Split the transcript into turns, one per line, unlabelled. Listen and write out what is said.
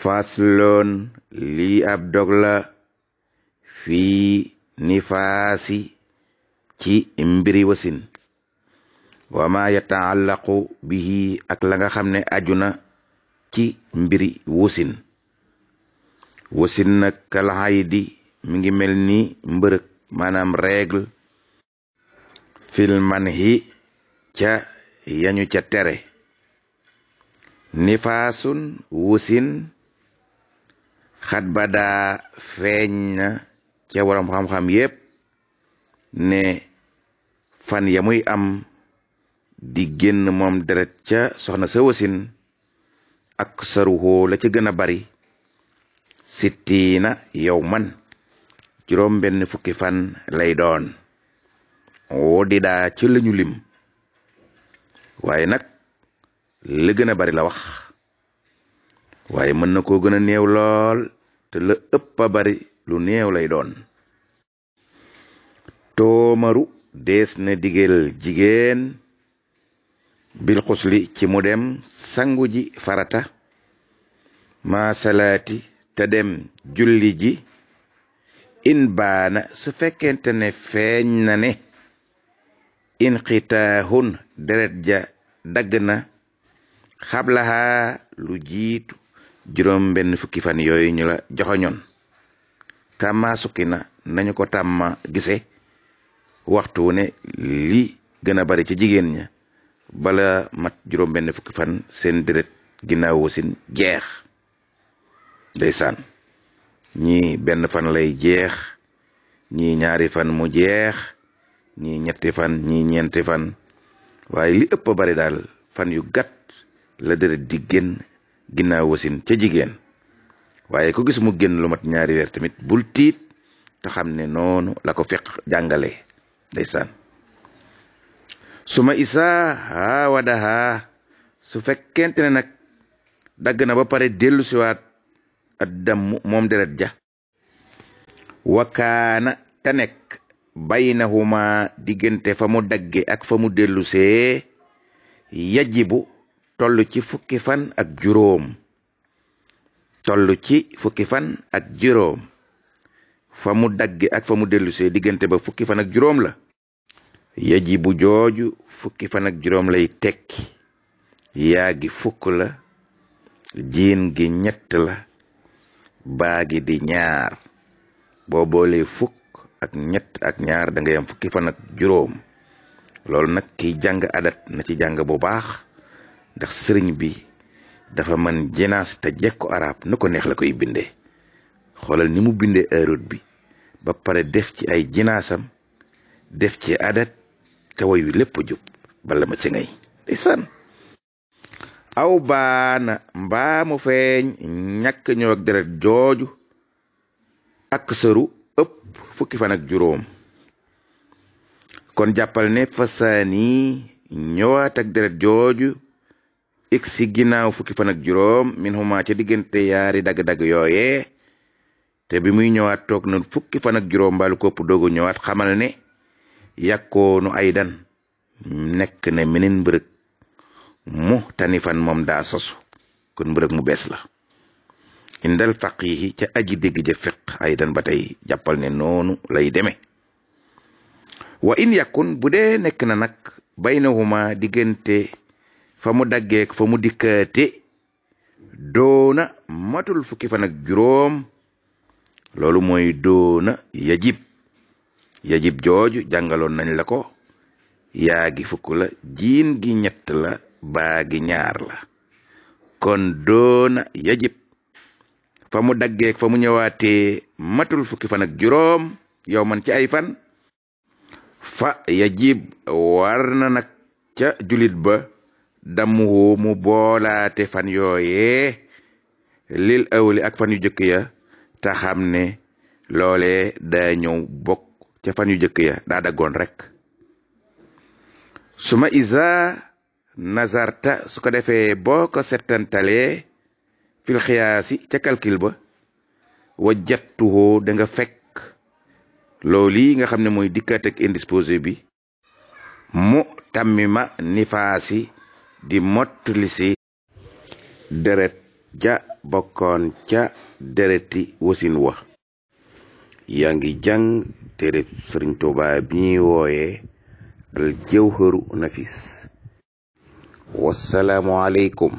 fasloon lii ab dog la fii nifaasi ci mbiri wasin wama yataallaqu bihi ak la nga xam ne aju ci mbiri wasin wasin nag kalaxay di mi ngi mel ni mbërëg maanaam règle fil manhi ca yañu ca tere nifaasun wasin xat badaa feeñ na ca waram xam-xam yépp ne fan ya muy am di génn moom deret ca soxna sa ak saruhoo la ca gën a bari sittiina yow man juróom benn fukki fan lay doon woo di daa lañu lim waaye nag li gën a bari la wax waaye mën na koo gën a néew lool te ëpp a bari lu néew lay doon toomaru dees na digeel jigéen bil xusli ci mu dem sangu ji farata maasalaati te dem julli ji in baana su fekkente ne feeñ na ne in xitaahun deret ja dagg na xablahaa lu jiitu juróom benn fukki fan yooyu ñu la joxoñoon kàmmaa sukki na nañu ko tàmma gise waxtu ne li gën a bari ci jigéen ña bala mat juróom benn fukki fan seen deret ginnaaw wasin jeex ndeysaan ñii benn fan lay jeex ñii ñaari fan mu jeex ñii ñetti fan ñii ñeenti fan waaye li ëpp bari daal fan yu gàtt la deret di génn ginnaaw wasin ca jigéen waaye ku gis mu génn lu mat ñaari weer tamit bul tiit te xam ne noonu la ko fiq jàngale ndeysaan su ma isaa haawadahaa su fekkente ne nag dagg na ba pare dellu siwaat ak damm moom deret ja wakaana te nekk baynahuma diggante fa mu dagge ak fa mu dellusee yajibu tollu ci fukki fan ak juróom toll ci fukki fan ak juróom fa mu dagge ak fa mu dellusee diggante ba fukki fan ak juróom la yaji bu jooju fukki fan ak juróom lay tekki yaa fukk la jiin gi ñett la baa di ñaar boo boolee fukk ak ñett ak ñaar da ngay fukki fan ak juróom loolu nag kiy jàng adat na ci jàng bu baax ndax sëriñ bi dafa man jenaas te jekko arab nu ko neex la koy bindee xoolal ni mu bindee erot bi ba pare def ci ay jenaasam def ci adat te woy wi lépp jub bala ma ci ngay ndeysaan aw baana mbaa mu feeñ ñàkk ñëw deret jooju ak sëru ëpp fukki fan ak juróom kon jàppal ne fasaani ñëwaat ak deret jooju ik si ginnaaw fukki fanak ak juróom min huma ca diggante yari dagg-dagg yooye te bi muy ñëwaat toog fukki fan ak juróom mbaalu kopp doogu ñëwaat xamal ne yàkkoonu ay dan nekk ne meneen mbërëg mu tani fan moom daa sosu kon mbërëg mu bees la indal faqihi ca aji dégg ja fiq ay dan ba tey jàppal ne noonu lay demee wa in yàkkun bu dee nekk na nag baynahuma diggante fa mu daggeek fa mu dikkaate doona matul fukki fan ak juróom loolu mooy doona yajib yajib jooju jàngaloon nañ la ko yaa fukk la jiin gi ñett la bagi ñaar la kon doona yajib fa mu daggeek fa mu ñëwaatee matul fukki fan ak juróom yow man ci ay fan fa yajib war na nag ca julit ba dammuhu mu boolaate fan yooyee lil awli ak fan yu jëkk ya te xam ne loolee daa ñëw bokk ca fan yu jëkk ya daa daggoon rek suma isa nazarta su ko defee boo ko settantalee fil xiyaasi ca calcul ba wa jattuhoo da nga fekk loolu yi nga xam ne mooy dikka ak indisposé bi mu tammi ma nifaasi di mottalisi deret ja bokkoon ca dereti wasin wa yaa ngi jàng téere sëriñ bi ñuy wooye al jawharu nafis wasalaamu aleykum